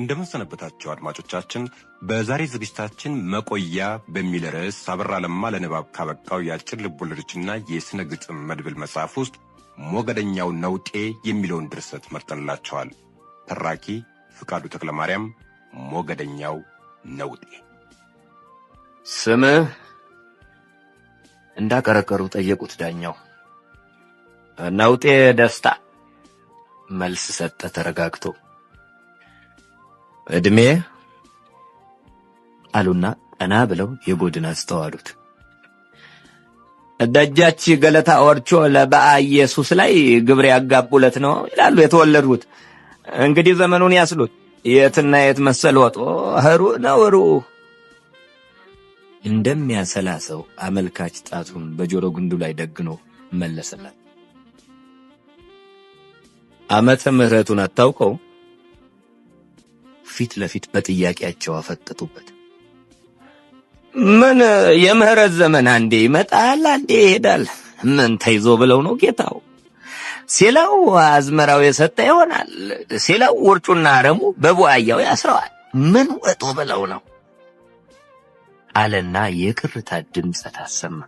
እንደምንሰነበታቸው አድማጮቻችን በዛሬ ዝግጅታችን መቆያ በሚል ርዕስ አበራ ለማ ለንባብ ካበቃው የአጭር ልቦለዶችና የሥነ ግጥም መድብል መጽሐፍ ውስጥ ሞገደኛው ነውጤ የሚለውን ድርሰት መርጠንላቸዋል። ተራኪ ፍቃዱ ተክለማርያም። ሞገደኛው ነውጤ። ስምህ እንዳቀረቀሩ ጠየቁት ዳኛው። ነውጤ ደስታ መልስ ሰጠ ተረጋግቶ ዕድሜ አሉና ቀና ብለው የጎድን አስተዋሉት። ደጃች ገለታ ወርቾ ለበአ ኢየሱስ ላይ ግብር ያጋቡለት ነው ይላሉ የተወለዱት። እንግዲህ ዘመኑን ያስሉት። የትና የት መሰል ወጦ ህሩ ነው ህሩ እንደሚያሰላ ሰው አመልካች ጣቱን በጆሮ ግንዱ ላይ ደግኖ መለሰላት። ዓመተ ምሕረቱን አታውቀውም። ፊት ለፊት በጥያቄያቸው አፈጠጡበት። ምን የምህረት ዘመን አንዴ ይመጣል፣ አንዴ ይሄዳል። ምን ተይዞ ብለው ነው ጌታው? ሴላው አዝመራው የሰጠ ይሆናል። ሴላው ውርጩና አረሙ በቡአያው ያስረዋል። ምን ወጦ ብለው ነው አለና የክርታ ድምፅ ታሰማ።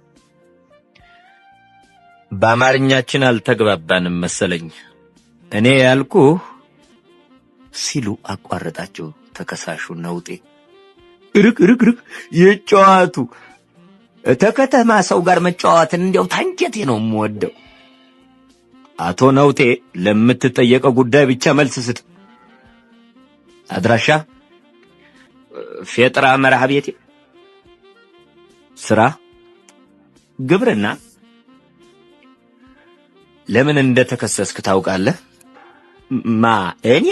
በአማርኛችን አልተግባባንም መሰለኝ። እኔ ያልኩህ ሲሉ አቋረጣቸው። ተከሳሹ ነውጤ እርቅ እርቅ እርቅ የጨዋቱ ተከተማ ሰው ጋር መጫወትን እንዲያው ታንጀቴ ነው የምወደው። አቶ ነውጤ ለምትጠየቀው ጉዳይ ብቻ መልስ ስጥ። አድራሻ ፌጥራ መርሃ ቤቴ። ስራ ግብርና። ለምን እንደተከሰስክ ታውቃለህ? ማ እኔ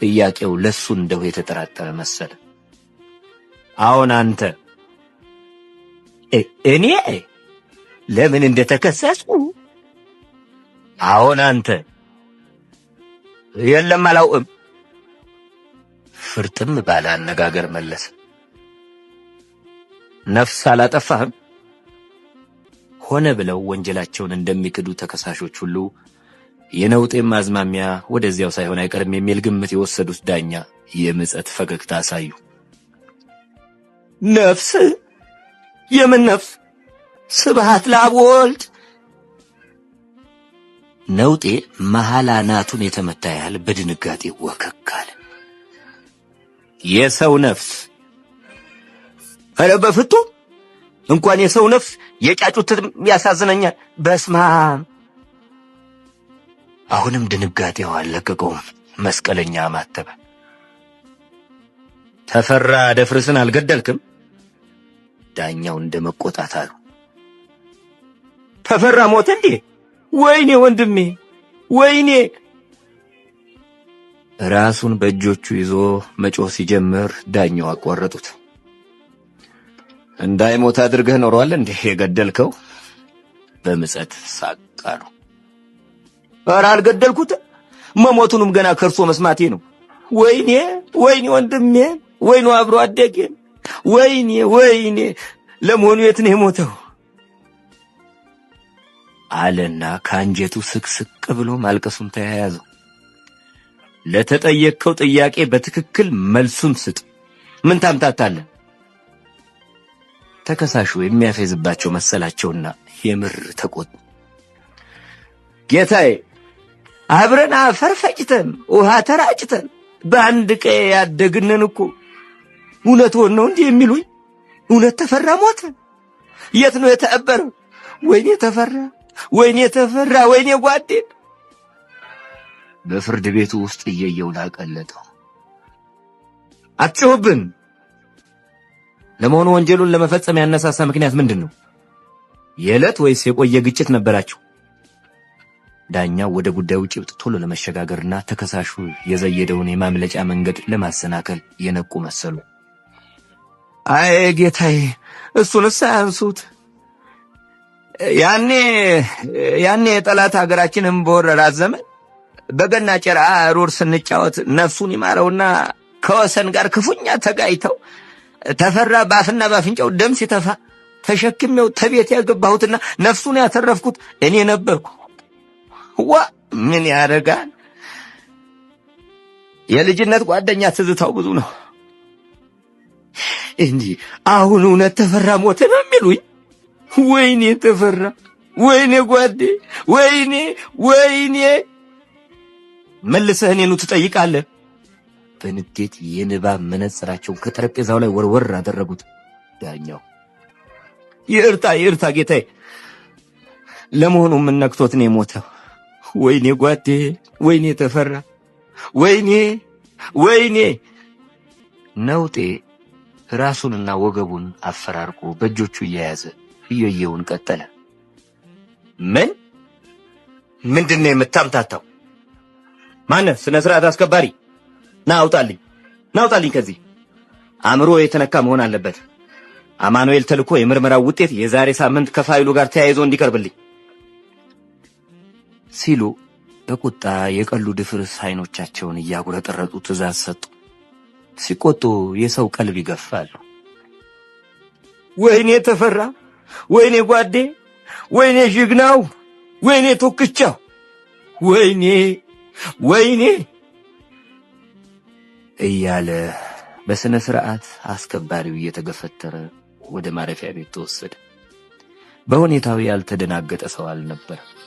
ጥያቄው ለሱ እንደው የተጠራጠረ መሰለ። አሁን አንተ እኔ ለምን እንደተከሰስኩ አሁን አንተ የለም አላውቅም፣ ፍርጥም ባለ አነጋገር መለሰ። ነፍስ አላጠፋህም ሆነ ብለው ወንጀላቸውን እንደሚክዱ ተከሳሾች ሁሉ የነውጤም አዝማሚያ ወደዚያው ሳይሆን አይቀርም የሚል ግምት የወሰዱት ዳኛ የምጸት ፈገግታ አሳዩ። ነፍስ የምን ነፍስ? ስብሃት ለአብ ወልድ። ነውጤ መሐላ ናቱን የተመታ ያህል በድንጋጤ ወከካል። የሰው ነፍስ ኧረ በፍቱ እንኳን የሰው ነፍስ የጫጩት ያሳዝነኛል። በስማም አሁንም ድንጋጤው አልለቀቀውም። መስቀለኛ ማተበ። ተፈራ ደፍርስን አልገደልክም? ዳኛው እንደ መቆጣት አሉ። ተፈራ ሞተ እንዴ? ወይኔ ወንድሜ፣ ወይኔ! ራሱን በእጆቹ ይዞ መጮ ሲጀምር ዳኛው አቋረጡት። እንዳይሞት አድርገህ ኖሯል እንዴ የገደልከው? በምጸት ሳቅ አሉ። ኧረ አልገደልኩት። መሞቱንም ገና ከእርሶ መስማቴ ነው። ወይኔ ወይኔ፣ ወንድሜ ወይኑ አብሮ አደጌ ወይኔ ወይኔ። ለመሆኑ የት ነው የሞተው? አለና ከአንጀቱ ስቅስቅ ብሎ ማልቀሱን ተያያዘው። ለተጠየቅከው ጥያቄ በትክክል መልሱን ስጥ። ምን ታምታታለህ? ተከሳሹ የሚያፌዝባቸው መሰላቸውና የምር ተቆጡ። ጌታዬ አብረን አፈር ፈጭተን ውሃ ተራጭተን በአንድ ቀይ ያደግነን እኮ። እውነት ሆን ነው እንዲህ የሚሉኝ? እውነት ተፈራ ሞተ? የት ነው የተቀበረው? ወይኔ ተፈራ፣ ወይኔ ተፈራ፣ ወይኔ ጓዴ። በፍርድ ቤቱ ውስጥ እየየው ላቀለጠው አትጮህብን። ለመሆኑ ወንጀሉን ለመፈጸም ያነሳሳ ምክንያት ምንድን ነው? የዕለት ወይስ የቆየ ግጭት ነበራችሁ? ዳኛው ወደ ጉዳዩ ጭብጥ ቶሎ ለመሸጋገርና ተከሳሹ የዘየደውን የማምለጫ መንገድ ለማሰናከል የነቁ መሰሉ። አይ ጌታዬ፣ እሱንስ አያንሱት። ያኔ ያኔ የጠላት ሀገራችንን በወረራት ዘመን በገና ጭራ ሩር ስንጫወት ነፍሱን ይማረውና ከወሰን ጋር ክፉኛ ተጋይተው ተፈራ በአፍና በአፍንጫው ደም ሲተፋ ተሸክሜው ተቤት ያገባሁትና ነፍሱን ያተረፍኩት እኔ ነበርኩ። ዋ ምን ያደርጋል። የልጅነት ጓደኛ ትዝታው ብዙ ነው እንጂ አሁን እውነት ተፈራ ሞተ ነው የሚሉኝ። ወይኔ ተፈራ፣ ወይኔ ጓዴ፣ ወይኔ ወይኔ። መልሰህ እኔኑ ትጠይቃለህ። በንዴት የንባብ መነጽራቸውን ከጠረጴዛው ላይ ወርወር አደረጉት። ዳኛው ይርታ፣ ይርታ ጌታዬ፣ ለመሆኑ ምን ነክቶት ነው የሞተው? ወይኔ ጓዴ፣ ወይኔ ተፈራ፣ ወይኔ ወይኔ ነውጤ ራሱንና ወገቡን አፈራርቆ በእጆቹ እየያዘ እየየውን ቀጠለ። ምን ምንድን ነው የምታምታታው? ማነ ስነ ስርዓት አስከባሪ ናውጣልኝ፣ ናውጣልኝ ከዚህ አእምሮ የተነካ መሆን አለበት። አማኑኤል ተልኮ የምርመራው ውጤት የዛሬ ሳምንት ከፋይሉ ጋር ተያይዞ እንዲቀርብልኝ ሲሉ በቁጣ የቀሉ ድፍርስ አይኖቻቸውን እያጉረጠረጡ ትእዛዝ ሰጡ። ሲቆጡ የሰው ቀልብ ይገፋሉ። ወይኔ ተፈራ፣ ወይኔ ጓዴ፣ ወይኔ ዥግናው፣ ወይኔ ቶክቻው፣ ወይኔ ወይኔ እያለ በሥነ ሥርዓት አስከባሪው እየተገፈተረ ወደ ማረፊያ ቤት ተወሰደ። በሁኔታው ያልተደናገጠ ሰው አልነበረም።